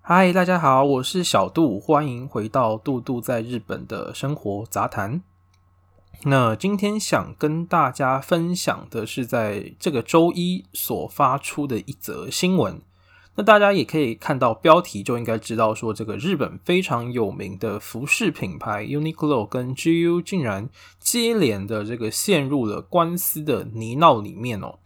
嗨，Hi, 大家好，我是小杜，歡迎回到《杜杜在日本的生活雜談》。那今天想跟大家分享的是，在這個周一所發出的一則新聞。那大家也可以看到標題，就應該知道說，這個日本非常有名的服飾品牌 UNIQLO 跟 GU 竟然接連的這個陷入了官司的泥淖裡面哦、喔。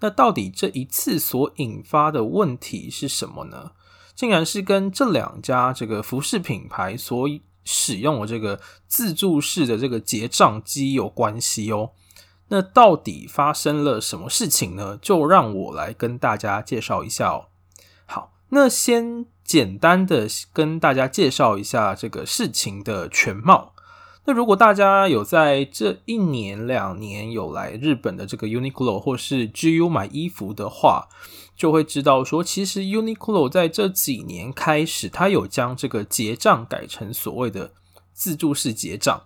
那到底這一次所引發的問題是什麼呢？竟然是跟這兩家這個服飾品牌所使用的這個自助式的這個結賬機有關係哦、喔。那到底發生了什麼事情呢？就讓我來跟大家介紹一下哦、喔。好，那先簡單的跟大家介紹一下這個事情的全貌。那如果大家有在這一年兩年有來日本的這個 Uniqlo 或是 GU 買衣服的話，就會知道說，其實 Uniqlo 在這幾年開始，他有將這個結賬改成所謂的自助式結賬。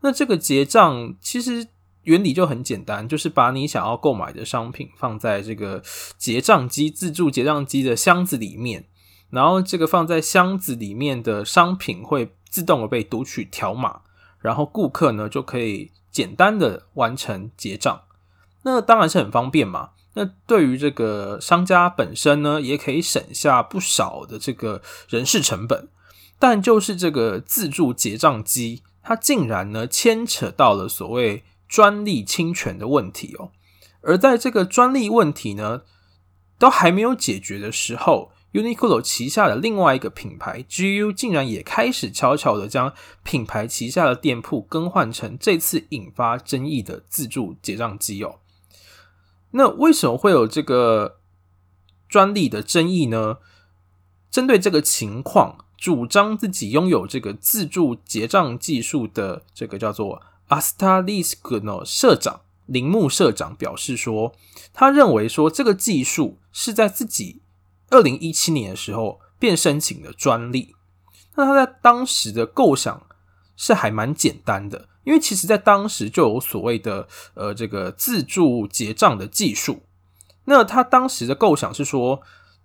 那這個結賬其實，原理就很簡單，就是把你想要購買的商品放在這個結賬機自助結賬機的箱子裡面，然後這個放在箱子裡面的商品會自動的被讀取條碼，然後顧客呢就可以簡單的完成結賬，那當然是很方便嘛。那對於這個商家本身呢，也可以省下不少的這個人事成本，但就是這個自助結賬機，它竟然呢牽扯到了所謂。專利侵權的問題哦，而在這個專利問題呢，都還沒有解決的時候，UNIQLO 旗下的另外一個品牌 GU 竟然也開始悄悄地將品牌旗下的店鋪更換成這次引發爭議的自助結賬機哦。那為什麼會有這個專利的爭議呢？針對這個情況，主張自己擁有這個自助結賬技術的這個叫做。阿斯塔利斯格諾社長鈴木社長表示說：“他認為說這個技術是在自己二零一七年的時候便申請的專利。那他在當時的構想是還蠻簡單的，因為其實在當時就有所謂的呃這個自助結賬的技術。那他當時的構想是說，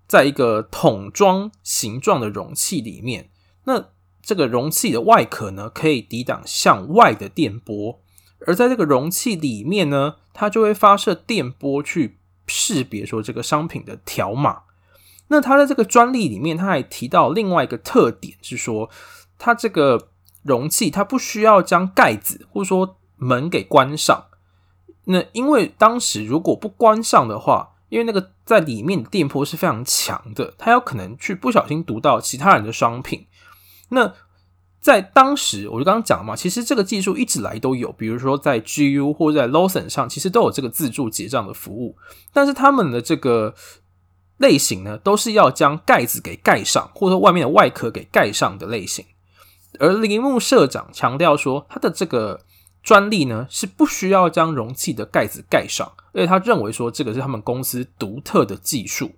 在一個桶裝形狀的容器裡面，那。”這個容器的外殼呢，可以抵擋向外的電波，而在這個容器裡面呢，它就會發射電波去識別說這個商品的條碼。那它的這個專利裡面，它還提到另外一個特點是說，它這個容器它不需要將蓋子或者說門給關上。那因為當時如果不關上的話，因為那個在裡面的電波是非常強的，它有可能去不小心讀到其他人的商品。那在當時，我就剛剛講了嘛，其實這個技術一直來都有，比如說在 GU 或者在 Lawson 上，其實都有這個自助結賬的服務。但是他們的這個類型呢，都是要將蓋子給蓋上，或者外面的外殼給蓋上的類型。而鈴木社長強調說，他的這個專利呢，是不需要將容器的蓋子蓋上，而且他認為說這個是他們公司獨特的技術。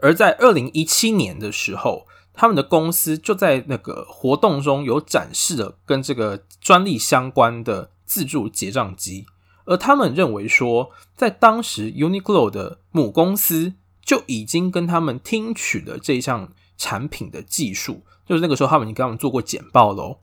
而在二零一七年的時候，他們的公司就在那個活動中有展示了跟這個專利相關的自助結賬機，而他們認為說，在當時 Uniqlo 的母公司就已經跟他們聽取了這一項產品的技術，就是那個時候他們已經給他們做過簡報咯。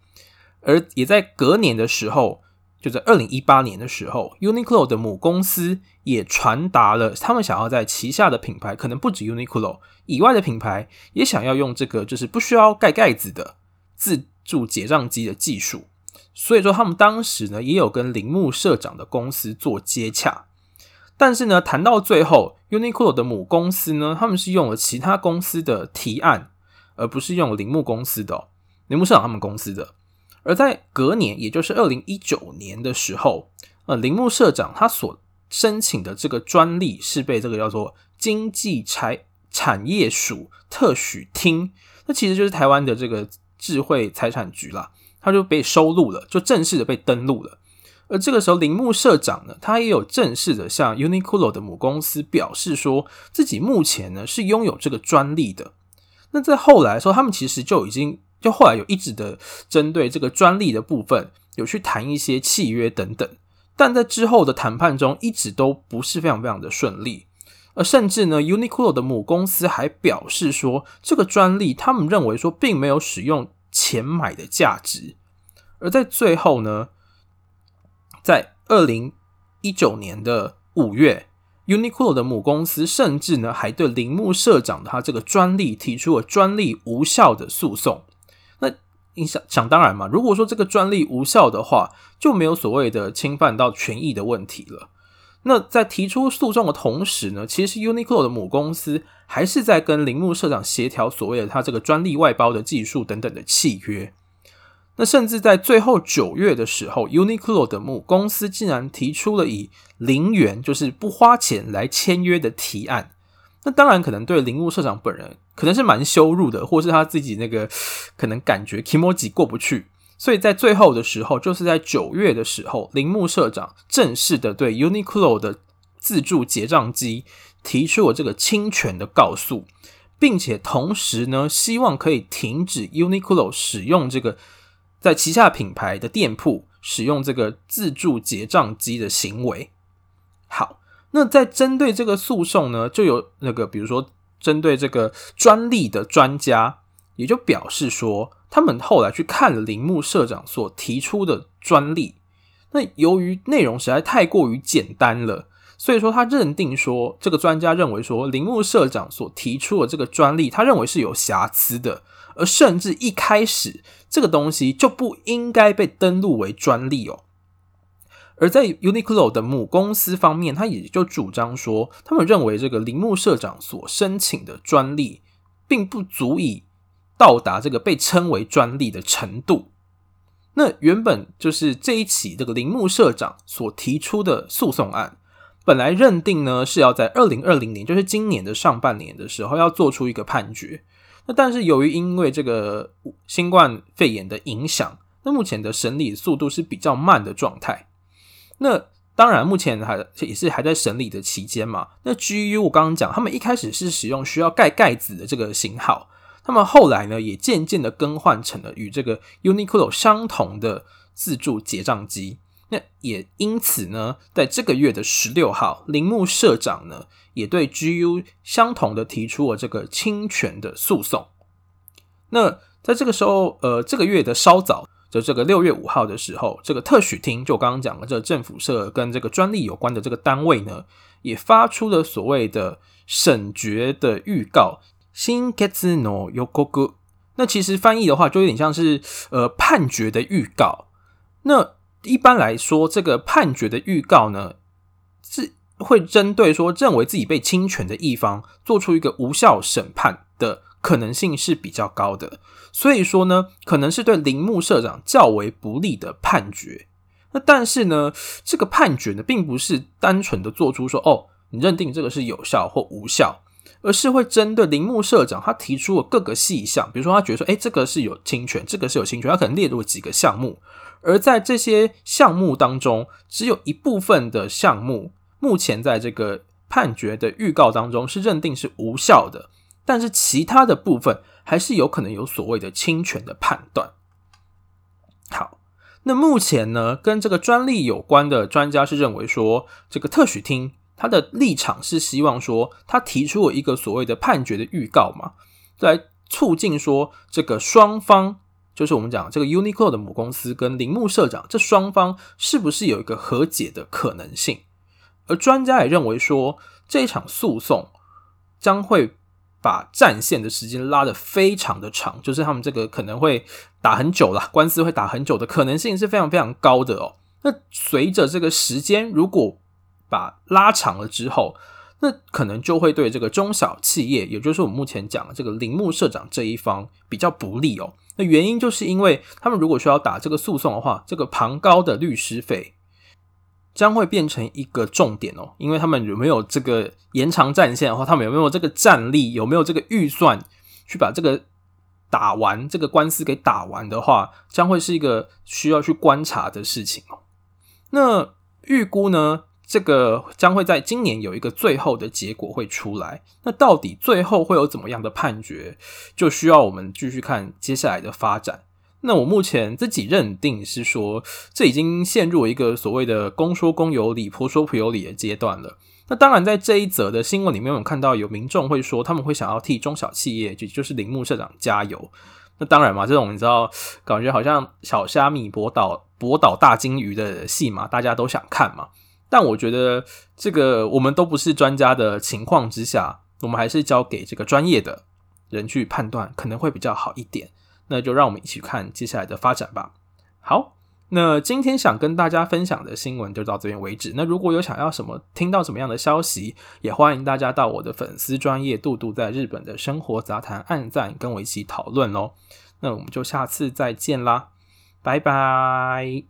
而也在隔年的時候。就在二零一八年的時候，Uniqlo 的母公司也傳達了他們想要在旗下的品牌，可能不止 Uniqlo 以外的品牌，也想要用這個就是不需要蓋蓋子的自助結賬機的技術。所以說，他們當時呢也有跟鈴木社長的公司做接洽，但是呢談到最後，Uniqlo 的母公司呢他們是用了其他公司的提案，而不是用鈴木公司的喔，鈴木社長他們公司的。而在隔年，也就是二零一九年的時候，呃，鈴木社長他所申請的這個專利是被這個叫做經濟財產業署特許廳，那其實就是台灣的這個智慧財產局啦，他就被收錄了，就正式的被登錄了。而這個時候，鈴木社長呢，他也有正式的向 UNIQLO 的母公司表示說自己目前呢是擁有這個專利的。那在後來說，他們其實就已經。就後來有一直的針對這個專利的部分有去談一些契約等等，但在之後的談判中一直都不是非常非常的順利，而甚至呢，Uniqlo 的母公司還表示說，這個專利他們認為說並沒有使用錢買的價值，而在最後呢，在二零一九年的五月，Uniqlo 的母公司甚至呢還對鈴木社長的他這個專利提出了專利無效的訴訟。你想想當然嘛，如果說這個專利無效的話，就沒有所謂的侵犯到權益的問題了。那在提出訴訟的同時呢，其實 Uniqlo 的母公司還是在跟鈴木社長協調所謂的他這個專利外包的技術等等的契約。那甚至在最後九月的時候，Uniqlo 的母公司竟然提出了以零元，就是不花錢來簽約的提案。那當然，可能對鈴木社長本人可能是蠻羞辱的，或是他自己那個可能感覺 Kimoji 過不去，所以在最後的時候，就是在九月的時候，鈴木社長正式的對 Uniqlo 的自助結賬機提出了這個侵權的告訴，並且同時呢，希望可以停止 Uniqlo 使用這個在旗下品牌的店鋪使用這個自助結賬機的行為。好。那在針對這個訴訟呢，就有那個比如說針對這個專利的專家，也就表示說，他們後來去看了鈴木社長所提出的專利，那由於內容實在太過於簡單了，所以說他認定說，這個專家認為說，鈴木社長所提出的這個專利，他認為是有瑕疵的，而甚至一開始這個東西就不應該被登錄為專利哦。而在 UNIQLO 的母公司方面，他也就主張說，他們認為這個鈴木社長所申請的專利，並不足以到達這個被稱為專利的程度。那原本就是這一起這個鈴木社長所提出的訴訟案，本來認定呢是要在二零二零年，就是今年的上半年的時候要做出一個判決。那但是由於因為這個新冠肺炎的影響，那目前的審理速度是比較慢的狀態。那當然，目前還也是還在審理的期間嘛。那 GU 我剛剛講，他們一開始是使用需要蓋蓋子的這個型號，他們後來呢也漸漸的更換成了與這個 UNIQLO 相同的自助結賬機。那也因此呢，在這個月的十六號，鈴木社長呢也對 GU 相同的提出了這個侵權的訴訟。那在這個時候，呃，這個月的稍早。就這個六月五號的時候，這個特許廳，就我剛剛講的這個、政府社跟這個專利有關的這個單位呢，也發出了所謂的審決的預告。審決の予告，那其實翻譯的話，就有點像是呃判決的預告。那一般來說，這個判決的預告呢，是會針對說認為自己被侵權的一方，做出一個無效審判的。可能性是比較高的，所以說呢，可能是對鈴木社長較為不利的判決。那但是呢，這個判決呢，並不是單純的做出說哦，你認定這個是有效或無效，而是會針對鈴木社長他提出了各個細項，比如說他覺得說，哎、欸，這個是有侵權，這個是有侵權，他可能列入幾個項目，而在這些項目當中，只有一部分的項目，目前在這個判決的預告當中是認定是無效的。但是其他的部分還是有可能有所謂的侵權的判斷。好，那目前呢，跟這個專利有關的專家是認為說，這個特許廳他的立場是希望說，他提出了一個所謂的判決的預告嘛，來促進說這個雙方，就是我們講這個 UNIQLO 的母公司跟鈴木社長，這雙方是不是有一個和解的可能性？而專家也認為說，這場訴訟將會。把戰線的時間拉得非常的長，就是他們這個可能會打很久啦，官司會打很久的可能性是非常非常高的喔。那隨着這個時間如果把拉長了之後，那可能就會對這個中小企業，也就是我們目前講的這個鈴木社長這一方比較不利喔。那原因就是因為他們如果需要打這個訴訟的話，這個龐高的律師費。將會變成一個重點哦，因為他們有沒有這個延長戰線的話，他們有沒有這個戰力，有沒有這個預算去把這個打完這個官司給打完的話，將會是一個需要去觀察的事情哦。那預估呢，這個將會在今年有一個最後的結果會出來。那到底最後會有怎麼樣的判決，就需要我們繼續看接下來的發展。那我目前自己認定是說，這已經陷入一個所謂的“公說公有理，婆說婆有理”的階段了。那當然，在這一則的新聞裡面，我們看到有民眾會說，他們會想要替中小企業，就就是鈴木社長加油。那當然嘛，這種你知道，感覺好像小蝦米搏倒搏倒大鯨魚的戲嘛，大家都想看嘛。但我覺得，這個我們都不是專家的情況之下，我們還是交給這個專業的人去判斷，可能會比較好一點。那就讓我們一起看接下來的發展吧。好，那今天想跟大家分享的新聞就到這邊為止。那如果有想要什麼，聽到什麼樣的消息，也歡迎大家到我的粉絲專頁杜杜在日本的生活雜談按讚跟我一起討論哦。那我們就下次再見啦，拜拜。